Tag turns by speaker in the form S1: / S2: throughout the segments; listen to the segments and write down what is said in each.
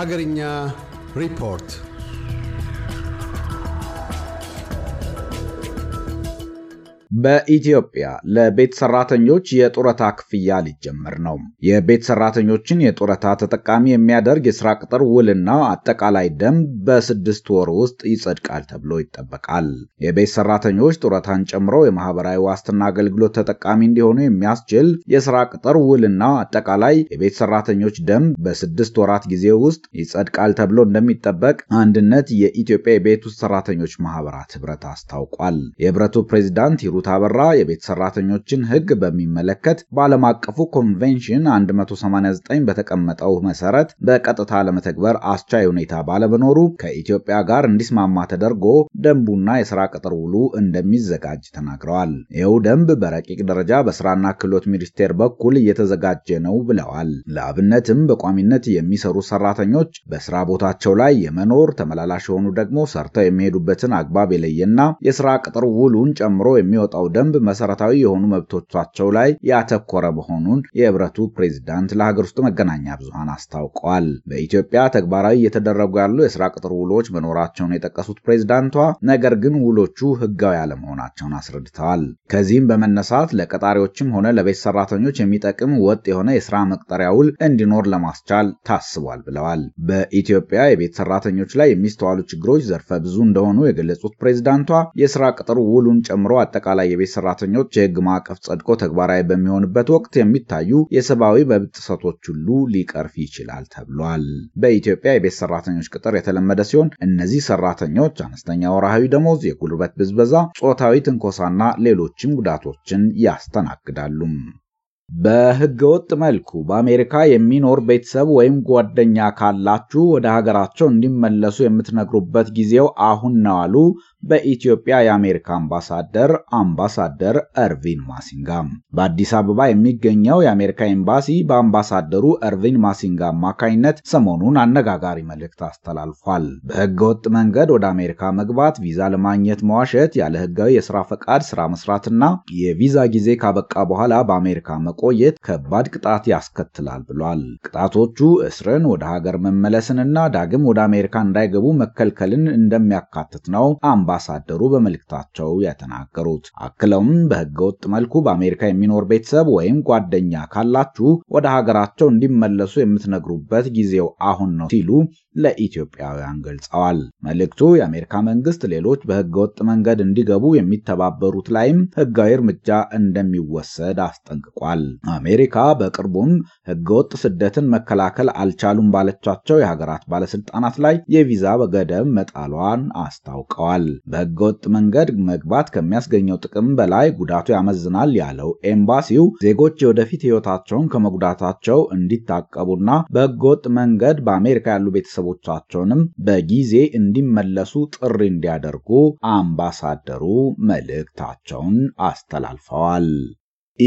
S1: Hagarinya Report በኢትዮጵያ ለቤት ሰራተኞች የጡረታ ክፍያ ሊጀመር ነው። የቤት ሰራተኞችን የጡረታ ተጠቃሚ የሚያደርግ የስራ ቅጥር ውልና አጠቃላይ ደንብ በስድስት ወር ውስጥ ይጸድቃል ተብሎ ይጠበቃል። የቤት ሰራተኞች ጡረታን ጨምሮ የማህበራዊ ዋስትና አገልግሎት ተጠቃሚ እንዲሆኑ የሚያስችል የስራ ቅጥር ውልና አጠቃላይ የቤት ሰራተኞች ደንብ በስድስት ወራት ጊዜ ውስጥ ይጸድቃል ተብሎ እንደሚጠበቅ አንድነት የኢትዮጵያ የቤት ውስጥ ሰራተኞች ማህበራት ህብረት አስታውቋል። የህብረቱ ፕሬዚዳንት ሂሩት አበራ የቤት ሰራተኞችን ህግ በሚመለከት በዓለም አቀፉ ኮንቬንሽን 189 በተቀመጠው መሰረት በቀጥታ ለመተግበር አስቻይ ሁኔታ ባለመኖሩ ከኢትዮጵያ ጋር እንዲስማማ ተደርጎ ደንቡና የስራ ቅጥር ውሉ እንደሚዘጋጅ ተናግረዋል። ይኸው ደንብ በረቂቅ ደረጃ በስራና ክህሎት ሚኒስቴር በኩል እየተዘጋጀ ነው ብለዋል። ለአብነትም በቋሚነት የሚሰሩ ሰራተኞች በስራ ቦታቸው ላይ የመኖር ተመላላሽ የሆኑ ደግሞ ሰርተው የሚሄዱበትን አግባብ የለየና የስራ ቅጥር ውሉን ጨምሮ የሚወጣው የወጣው ደንብ መሰረታዊ የሆኑ መብቶቻቸው ላይ ያተኮረ መሆኑን የህብረቱ ፕሬዚዳንት ለሀገር ውስጥ መገናኛ ብዙሃን አስታውቀዋል። በኢትዮጵያ ተግባራዊ እየተደረጉ ያሉ የስራ ቅጥር ውሎች መኖራቸውን የጠቀሱት ፕሬዚዳንቷ ነገር ግን ውሎቹ ህጋዊ አለመሆናቸውን አስረድተዋል። ከዚህም በመነሳት ለቀጣሪዎችም ሆነ ለቤት ሰራተኞች የሚጠቅም ወጥ የሆነ የስራ መቅጠሪያ ውል እንዲኖር ለማስቻል ታስቧል ብለዋል። በኢትዮጵያ የቤት ሰራተኞች ላይ የሚስተዋሉ ችግሮች ዘርፈ ብዙ እንደሆኑ የገለጹት ፕሬዚዳንቷ የስራ ቅጥር ውሉን ጨምሮ አጠቃላይ የቤት ሰራተኞች የህግ ማዕቀፍ ጸድቆ ተግባራዊ በሚሆንበት ወቅት የሚታዩ የሰብአዊ መብት ጥሰቶች ሁሉ ሊቀርፍ ይችላል ተብሏል። በኢትዮጵያ የቤት ሰራተኞች ቅጥር የተለመደ ሲሆን እነዚህ ሰራተኞች አነስተኛ ወርሃዊ ደሞዝ፣ የጉልበት ብዝበዛ፣ ጾታዊ ትንኮሳና ሌሎችም ጉዳቶችን ያስተናግዳሉ። በህገወጥ መልኩ በአሜሪካ የሚኖር ቤተሰብ ወይም ጓደኛ ካላችሁ ወደ ሀገራቸው እንዲመለሱ የምትነግሩበት ጊዜው አሁን ነው አሉ በኢትዮጵያ የአሜሪካ አምባሳደር አምባሳደር እርቪን ማሲንጋ። በአዲስ አበባ የሚገኘው የአሜሪካ ኤምባሲ በአምባሳደሩ እርቪን ማሲንጋ አማካኝነት ሰሞኑን አነጋጋሪ መልእክት አስተላልፏል። በህገወጥ መንገድ ወደ አሜሪካ መግባት፣ ቪዛ ለማግኘት መዋሸት፣ ያለ ህጋዊ የስራ ፈቃድ ስራ መስራትና የቪዛ ጊዜ ካበቃ በኋላ በአሜሪካ መቆ ማቆየት ከባድ ቅጣት ያስከትላል ብሏል። ቅጣቶቹ እስርን፣ ወደ ሀገር መመለስንና ዳግም ወደ አሜሪካ እንዳይገቡ መከልከልን እንደሚያካትት ነው አምባሳደሩ በመልእክታቸው የተናገሩት። አክለውም በህገወጥ መልኩ በአሜሪካ የሚኖር ቤተሰብ ወይም ጓደኛ ካላችሁ ወደ ሀገራቸው እንዲመለሱ የምትነግሩበት ጊዜው አሁን ነው ሲሉ ለኢትዮጵያውያን ገልጸዋል። መልእክቱ የአሜሪካ መንግስት ሌሎች በህገወጥ መንገድ እንዲገቡ የሚተባበሩት ላይም ህጋዊ እርምጃ እንደሚወሰድ አስጠንቅቋል። አሜሪካ በቅርቡም ህገወጥ ስደትን መከላከል አልቻሉም ባለቻቸው የሀገራት ባለስልጣናት ላይ የቪዛ ገደብ መጣሏን አስታውቀዋል። በህገወጥ መንገድ መግባት ከሚያስገኘው ጥቅም በላይ ጉዳቱ ያመዝናል ያለው ኤምባሲው ዜጎች የወደፊት ህይወታቸውን ከመጉዳታቸው እንዲታቀቡና በህገወጥ መንገድ በአሜሪካ ያሉ ቤተሰቦቻቸውንም በጊዜ እንዲመለሱ ጥሪ እንዲያደርጉ አምባሳደሩ መልእክታቸውን አስተላልፈዋል።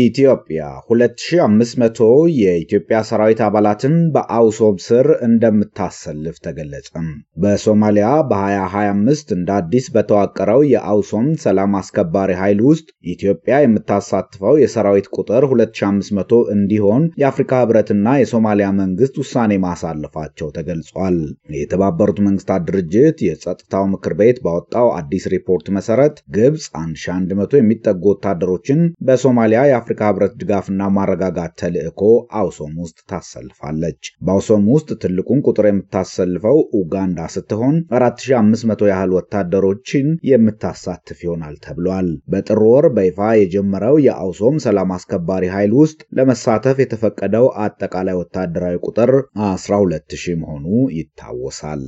S1: ኢትዮጵያ 2500 የኢትዮጵያ ሰራዊት አባላትን በአውሶም ስር እንደምታሰልፍ ተገለጸም። በሶማሊያ በ2025 እንደ አዲስ በተዋቀረው የአውሶም ሰላም አስከባሪ ኃይል ውስጥ ኢትዮጵያ የምታሳትፈው የሰራዊት ቁጥር 2500 እንዲሆን የአፍሪካ ህብረትና የሶማሊያ መንግስት ውሳኔ ማሳለፋቸው ተገልጿል። የተባበሩት መንግስታት ድርጅት የጸጥታው ምክር ቤት ባወጣው አዲስ ሪፖርት መሰረት ግብፅ 1100 የሚጠጉ ወታደሮችን በሶማሊያ የአፍሪካ ህብረት ድጋፍና ማረጋጋት ተልዕኮ አውሶም ውስጥ ታሰልፋለች። በአውሶም ውስጥ ትልቁን ቁጥር የምታሰልፈው ኡጋንዳ ስትሆን 4500 ያህል ወታደሮችን የምታሳትፍ ይሆናል ተብሏል። በጥር ወር በይፋ የጀመረው የአውሶም ሰላም አስከባሪ ኃይል ውስጥ ለመሳተፍ የተፈቀደው አጠቃላይ ወታደራዊ ቁጥር 12000 መሆኑ ይታወሳል።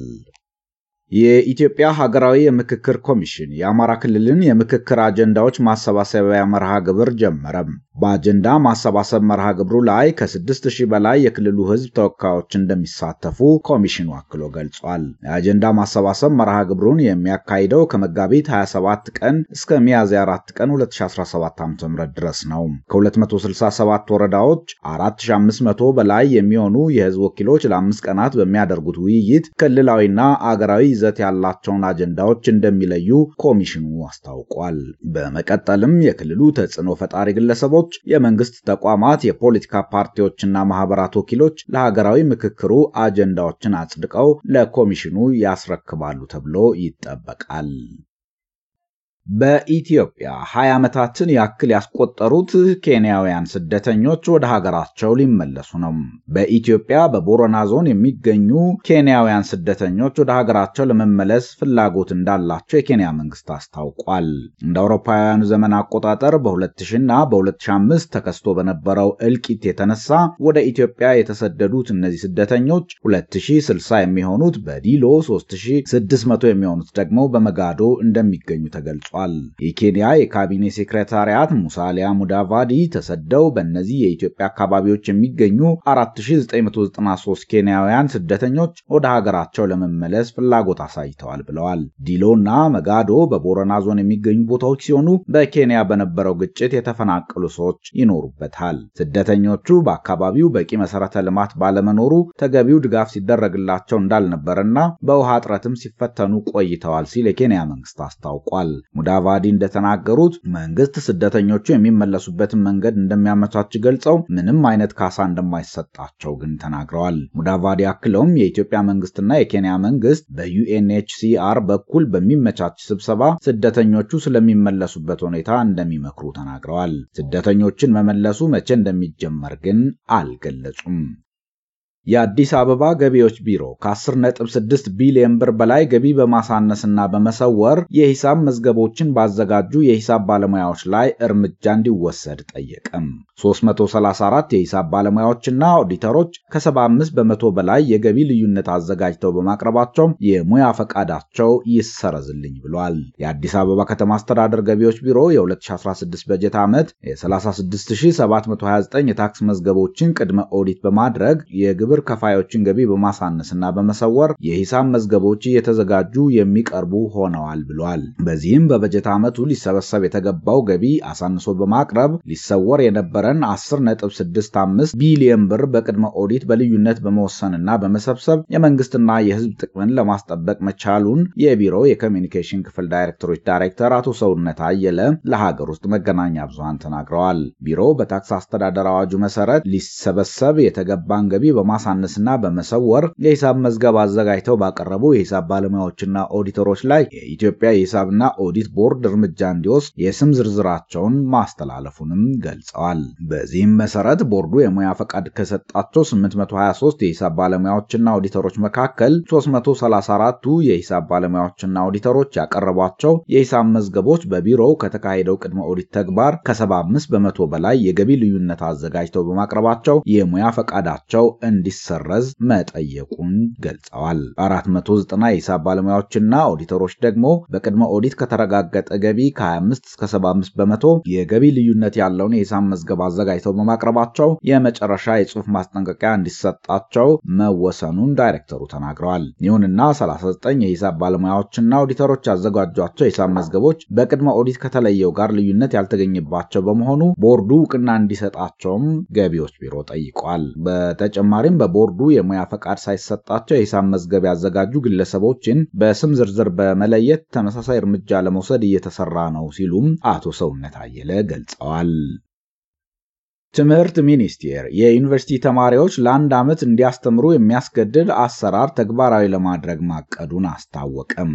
S1: የኢትዮጵያ ሀገራዊ የምክክር ኮሚሽን የአማራ ክልልን የምክክር አጀንዳዎች ማሰባሰቢያ መርሃ ግብር ጀመረም። በአጀንዳ ማሰባሰብ መርሃ ግብሩ ላይ ከ6000 በላይ የክልሉ ህዝብ ተወካዮች እንደሚሳተፉ ኮሚሽኑ አክሎ ገልጿል። የአጀንዳ ማሰባሰብ መርሃ ግብሩን የሚያካሂደው ከመጋቢት 27 ቀን እስከ ሚያዝያ 4 ቀን 2017 ዓ.ም ድረስ ነው። ከ267 ወረዳዎች 4500 በላይ የሚሆኑ የህዝብ ወኪሎች ለአምስት ቀናት በሚያደርጉት ውይይት ክልላዊና አገራዊ ይዘት ያላቸውን አጀንዳዎች እንደሚለዩ ኮሚሽኑ አስታውቋል። በመቀጠልም የክልሉ ተጽዕኖ ፈጣሪ ግለሰቦች ግለሰቦች፣ የመንግስት ተቋማት፣ የፖለቲካ ፓርቲዎችና ማህበራት ወኪሎች ለሀገራዊ ምክክሩ አጀንዳዎችን አጽድቀው ለኮሚሽኑ ያስረክባሉ ተብሎ ይጠበቃል። በኢትዮጵያ 20 ዓመታትን ያክል ያስቆጠሩት ኬንያውያን ስደተኞች ወደ ሀገራቸው ሊመለሱ ነው። በኢትዮጵያ በቦረና ዞን የሚገኙ ኬንያውያን ስደተኞች ወደ ሀገራቸው ለመመለስ ፍላጎት እንዳላቸው የኬንያ መንግስት አስታውቋል። እንደ አውሮፓውያኑ ዘመን አቆጣጠር በ2000 እና በ2005 ተከስቶ በነበረው እልቂት የተነሳ ወደ ኢትዮጵያ የተሰደዱት እነዚህ ስደተኞች 2060 የሚሆኑት በዲሎ፣ 3600 የሚሆኑት ደግሞ በመጋዶ እንደሚገኙ ተገልጿል። ገልጿል። የኬንያ የካቢኔ ሴክሬታሪያት ሙሳሊያ ሙዳቫዲ ተሰደው በእነዚህ የኢትዮጵያ አካባቢዎች የሚገኙ 4993 ኬንያውያን ስደተኞች ወደ ሀገራቸው ለመመለስ ፍላጎት አሳይተዋል ብለዋል። ዲሎ እና መጋዶ በቦረና ዞን የሚገኙ ቦታዎች ሲሆኑ በኬንያ በነበረው ግጭት የተፈናቀሉ ሰዎች ይኖሩበታል። ስደተኞቹ በአካባቢው በቂ መሰረተ ልማት ባለመኖሩ ተገቢው ድጋፍ ሲደረግላቸው እንዳልነበረና በውሃ እጥረትም ሲፈተኑ ቆይተዋል ሲል የኬንያ መንግስት አስታውቋል። ዳቫዲ እንደተናገሩት መንግስት ስደተኞቹ የሚመለሱበትን መንገድ እንደሚያመቻች ገልጸው ምንም አይነት ካሳ እንደማይሰጣቸው ግን ተናግረዋል። ሙዳቫዲ አክለውም የኢትዮጵያ መንግስትና የኬንያ መንግስት በዩኤንኤችሲአር በኩል በሚመቻች ስብሰባ ስደተኞቹ ስለሚመለሱበት ሁኔታ እንደሚመክሩ ተናግረዋል። ስደተኞችን መመለሱ መቼ እንደሚጀመር ግን አልገለጹም። የአዲስ አበባ ገቢዎች ቢሮ ከ10.6 ቢሊዮን ብር በላይ ገቢ በማሳነስና በመሰወር የሂሳብ መዝገቦችን ባዘጋጁ የሂሳብ ባለሙያዎች ላይ እርምጃ እንዲወሰድ ጠየቀም። 334 የሂሳብ ባለሙያዎችና ኦዲተሮች ከ75 በመቶ በላይ የገቢ ልዩነት አዘጋጅተው በማቅረባቸውም የሙያ ፈቃዳቸው ይሰረዝልኝ ብሏል። የአዲስ አበባ ከተማ አስተዳደር ገቢዎች ቢሮ የ2016 በጀት ዓመት የ36729 የታክስ መዝገቦችን ቅድመ ኦዲት በማድረግ የግብር የግብር ከፋዮችን ገቢ በማሳነስና በመሰወር የሂሳብ መዝገቦች እየተዘጋጁ የሚቀርቡ ሆነዋል ብሏል። በዚህም በበጀት ዓመቱ ሊሰበሰብ የተገባው ገቢ አሳንሶ በማቅረብ ሊሰወር የነበረን 10.65 ቢሊዮን ብር በቅድመ ኦዲት በልዩነት በመወሰንና በመሰብሰብ የመንግስትና የህዝብ ጥቅምን ለማስጠበቅ መቻሉን የቢሮ የኮሚኒኬሽን ክፍል ዳይሬክተሮች ዳይሬክተር አቶ ሰውነት አየለ ለሀገር ውስጥ መገናኛ ብዙሃን ተናግረዋል። ቢሮው በታክስ አስተዳደር አዋጁ መሰረት ሊሰበሰብ የተገባን ገቢ በማ በማሳነስና በመሰወር የሂሳብ መዝገብ አዘጋጅተው ባቀረቡ የሂሳብ ባለሙያዎችና ኦዲተሮች ላይ የኢትዮጵያ የሂሳብና ኦዲት ቦርድ እርምጃ እንዲወስድ የስም ዝርዝራቸውን ማስተላለፉንም ገልጸዋል። በዚህም መሰረት ቦርዱ የሙያ ፈቃድ ከሰጣቸው 823 የሂሳብ ባለሙያዎችና ኦዲተሮች መካከል 334ቱ የሂሳብ ባለሙያዎችና ኦዲተሮች ያቀረቧቸው የሂሳብ መዝገቦች በቢሮው ከተካሄደው ቅድመ ኦዲት ተግባር ከ75 በመቶ በላይ የገቢ ልዩነት አዘጋጅተው በማቅረባቸው የሙያ ፈቃዳቸው እንዲ እንዲሰረዝ መጠየቁን ገልጸዋል። 490 የሂሳብ ባለሙያዎችና ኦዲተሮች ደግሞ በቅድመ ኦዲት ከተረጋገጠ ገቢ ከ25 እስከ 75 በመቶ የገቢ ልዩነት ያለውን የሂሳብ መዝገብ አዘጋጅተው በማቅረባቸው የመጨረሻ የጽሑፍ ማስጠንቀቂያ እንዲሰጣቸው መወሰኑን ዳይሬክተሩ ተናግረዋል። ይሁንና 39 የሂሳብ ባለሙያዎችና ኦዲተሮች ያዘጋጇቸው የሂሳብ መዝገቦች በቅድመ ኦዲት ከተለየው ጋር ልዩነት ያልተገኘባቸው በመሆኑ ቦርዱ እውቅና እንዲሰጣቸውም ገቢዎች ቢሮ ጠይቋል። በተጨማሪም በቦርዱ የሙያ ፈቃድ ሳይሰጣቸው የሂሳብ መዝገብ ያዘጋጁ ግለሰቦችን በስም ዝርዝር በመለየት ተመሳሳይ እርምጃ ለመውሰድ እየተሰራ ነው ሲሉም አቶ ሰውነት አየለ ገልጸዋል። ትምህርት ሚኒስቴር የዩኒቨርሲቲ ተማሪዎች ለአንድ ዓመት እንዲያስተምሩ የሚያስገድድ አሰራር ተግባራዊ ለማድረግ ማቀዱን አስታወቀም።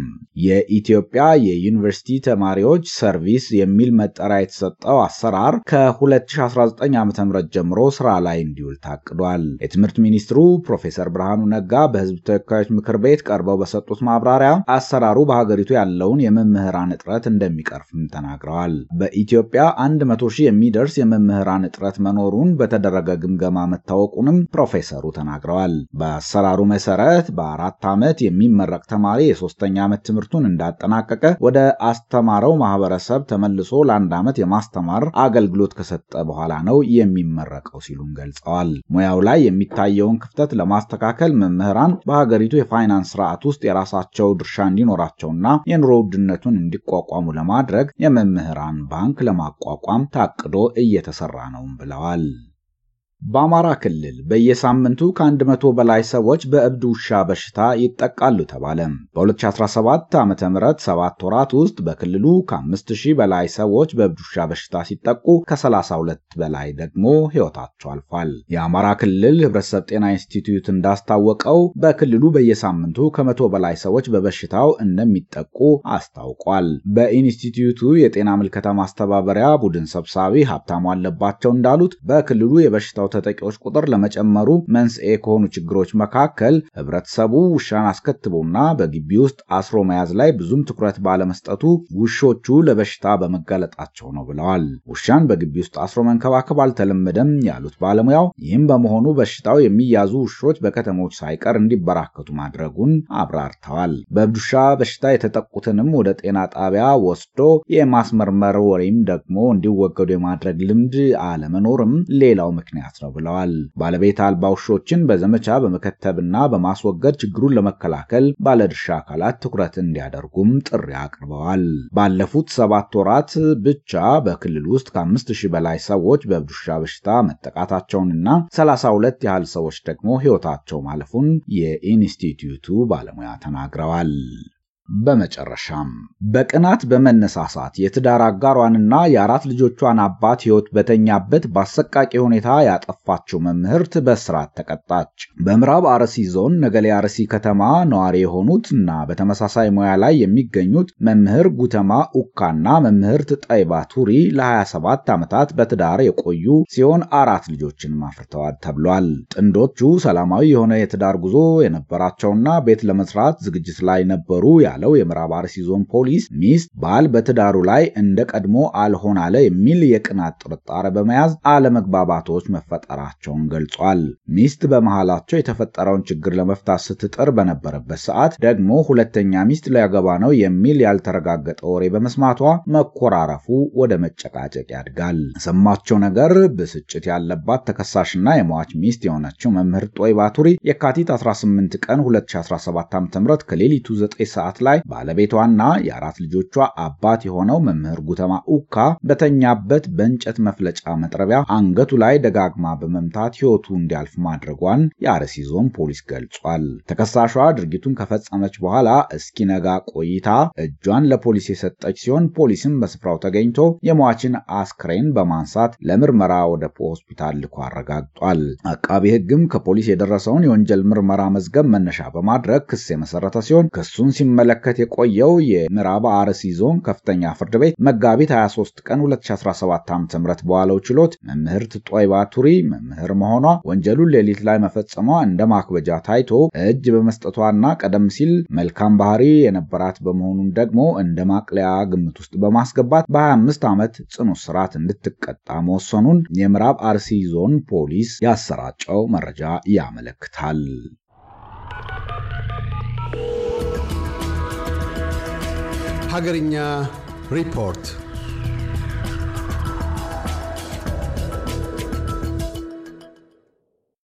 S1: የኢትዮጵያ የዩኒቨርሲቲ ተማሪዎች ሰርቪስ የሚል መጠሪያ የተሰጠው አሰራር ከ2019 ዓ ም ጀምሮ ስራ ላይ እንዲውል ታቅዷል። የትምህርት ሚኒስትሩ ፕሮፌሰር ብርሃኑ ነጋ በህዝብ ተወካዮች ምክር ቤት ቀርበው በሰጡት ማብራሪያ አሰራሩ በሀገሪቱ ያለውን የመምህራን እጥረት እንደሚቀርፍም ተናግረዋል። በኢትዮጵያ 100 ሺህ የሚደርስ የመምህራን እጥረት መኖሩን በተደረገ ግምገማ መታወቁንም ፕሮፌሰሩ ተናግረዋል። በአሰራሩ መሰረት በአራት ዓመት የሚመረቅ ተማሪ የሶስተኛ ዓመት ትምህርቱን እንዳጠናቀቀ ወደ አስተማረው ማህበረሰብ ተመልሶ ለአንድ ዓመት የማስተማር አገልግሎት ከሰጠ በኋላ ነው የሚመረቀው ሲሉም ገልጸዋል። ሙያው ላይ የሚታየውን ክፍተት ለማስተካከል መምህራን በሀገሪቱ የፋይናንስ ስርዓት ውስጥ የራሳቸው ድርሻ እንዲኖራቸውና የኑሮ ውድነቱን እንዲቋቋሙ ለማድረግ የመምህራን ባንክ ለማቋቋም ታቅዶ እየተሰራ ነው ብለዋል። العل በአማራ ክልል በየሳምንቱ ከ100 በላይ ሰዎች በእብድ ውሻ በሽታ ይጠቃሉ ተባለ። በ2017 ዓ ም ሰባት ወራት ውስጥ በክልሉ ከ5000 በላይ ሰዎች በእብድ ውሻ በሽታ ሲጠቁ ከ32 በላይ ደግሞ ሕይወታቸው አልፏል። የአማራ ክልል ሕብረተሰብ ጤና ኢንስቲትዩት እንዳስታወቀው በክልሉ በየሳምንቱ ከመቶ በላይ ሰዎች በበሽታው እንደሚጠቁ አስታውቋል። በኢንስቲትዩቱ የጤና ምልከታ ማስተባበሪያ ቡድን ሰብሳቢ ሀብታሙ አለባቸው እንዳሉት በክልሉ የበሽታው ተጠቂዎች ቁጥር ለመጨመሩ መንስኤ ከሆኑ ችግሮች መካከል ህብረተሰቡ ውሻን አስከትቦና በግቢ ውስጥ አስሮ መያዝ ላይ ብዙም ትኩረት ባለመስጠቱ ውሾቹ ለበሽታ በመጋለጣቸው ነው ብለዋል። ውሻን በግቢ ውስጥ አስሮ መንከባከብ አልተለመደም ያሉት ባለሙያው ይህም በመሆኑ በሽታው የሚያዙ ውሾች በከተሞች ሳይቀር እንዲበራከቱ ማድረጉን አብራርተዋል። በእብድ ውሻ በሽታ የተጠቁትንም ወደ ጤና ጣቢያ ወስዶ የማስመርመር ወይም ደግሞ እንዲወገዱ የማድረግ ልምድ አለመኖርም ሌላው ምክንያት ነው ብለዋል። ባለቤት አልባ ውሾችን በዘመቻ በመከተብና በማስወገድ ችግሩን ለመከላከል ባለድርሻ አካላት ትኩረት እንዲያደርጉም ጥሪ አቅርበዋል። ባለፉት ሰባት ወራት ብቻ በክልል ውስጥ ከ5000 በላይ ሰዎች በእብድ ውሻ በሽታ መጠቃታቸውንና 32 ያህል ሰዎች ደግሞ ሕይወታቸው ማለፉን የኢንስቲትዩቱ ባለሙያ ተናግረዋል። በመጨረሻም በቅናት በመነሳሳት የትዳር አጋሯንና የአራት ልጆቿን አባት ሕይወት በተኛበት በአሰቃቂ ሁኔታ ያጠፋችው መምህርት በእስራት ተቀጣች። በምዕራብ አርሲ ዞን ነገሌ አርሲ ከተማ ነዋሪ የሆኑት እና በተመሳሳይ ሙያ ላይ የሚገኙት መምህር ጉተማ ኡካና መምህርት ጠይባ ቱሪ ለ27 ዓመታት በትዳር የቆዩ ሲሆን አራት ልጆችን ማፍርተዋል ተብሏል። ጥንዶቹ ሰላማዊ የሆነ የትዳር ጉዞ የነበራቸውና ቤት ለመስራት ዝግጅት ላይ ነበሩ ያለ ያለው የምዕራብ አርሲ ዞን ፖሊስ ሚስት ባል በትዳሩ ላይ እንደ ቀድሞ አልሆን አለ የሚል የቅናት ጥርጣሬ በመያዝ አለመግባባቶች መፈጠራቸውን ገልጿል። ሚስት በመሃላቸው የተፈጠረውን ችግር ለመፍታት ስትጥር በነበረበት ሰዓት ደግሞ ሁለተኛ ሚስት ሊያገባ ነው የሚል ያልተረጋገጠ ወሬ በመስማቷ መኮራረፉ ወደ መጨቃጨቅ ያድጋል። የሰማቸው ነገር ብስጭት ያለባት ተከሳሽና የሟች ሚስት የሆነችው መምህር ጦይ ባቱሪ የካቲት 18 ቀን 2017 ም ከሌሊቱ 9 ሰዓት ላይ ላይ ባለቤቷና የአራት ልጆቿ አባት የሆነው መምህር ጉተማ ኡካ በተኛበት በእንጨት መፍለጫ መጥረቢያ አንገቱ ላይ ደጋግማ በመምታት ሕይወቱ እንዲያልፍ ማድረጓን የአርሲ ዞን ፖሊስ ገልጿል። ተከሳሿ ድርጊቱን ከፈጸመች በኋላ እስኪነጋ ቆይታ እጇን ለፖሊስ የሰጠች ሲሆን ፖሊስም በስፍራው ተገኝቶ የሟችን አስክሬን በማንሳት ለምርመራ ወደ ሆስፒታል ልኮ አረጋግጧል። አቃቢ ሕግም ከፖሊስ የደረሰውን የወንጀል ምርመራ መዝገብ መነሻ በማድረግ ክስ የመሰረተ ሲሆን ክሱን ሲመለከ ሲመለከት የቆየው የምዕራብ አርሲ ዞን ከፍተኛ ፍርድ ቤት መጋቢት 23 ቀን 2017 ዓ.ም በዋለው ችሎት መምህርት ጦይባ ቱሪ መምህር መሆኗ ወንጀሉን ሌሊት ላይ መፈጸሟ እንደ ማክበጃ ታይቶ እጅ በመስጠቷና ቀደም ሲል መልካም ባህሪ የነበራት በመሆኑን ደግሞ እንደ ማቅለያ ግምት ውስጥ በማስገባት በ25 ዓመት ጽኑ ስርዓት እንድትቀጣ መወሰኑን የምዕራብ አርሲ ዞን ፖሊስ ያሰራጨው መረጃ ያመለክታል። ሀገርኛ ሪፖርት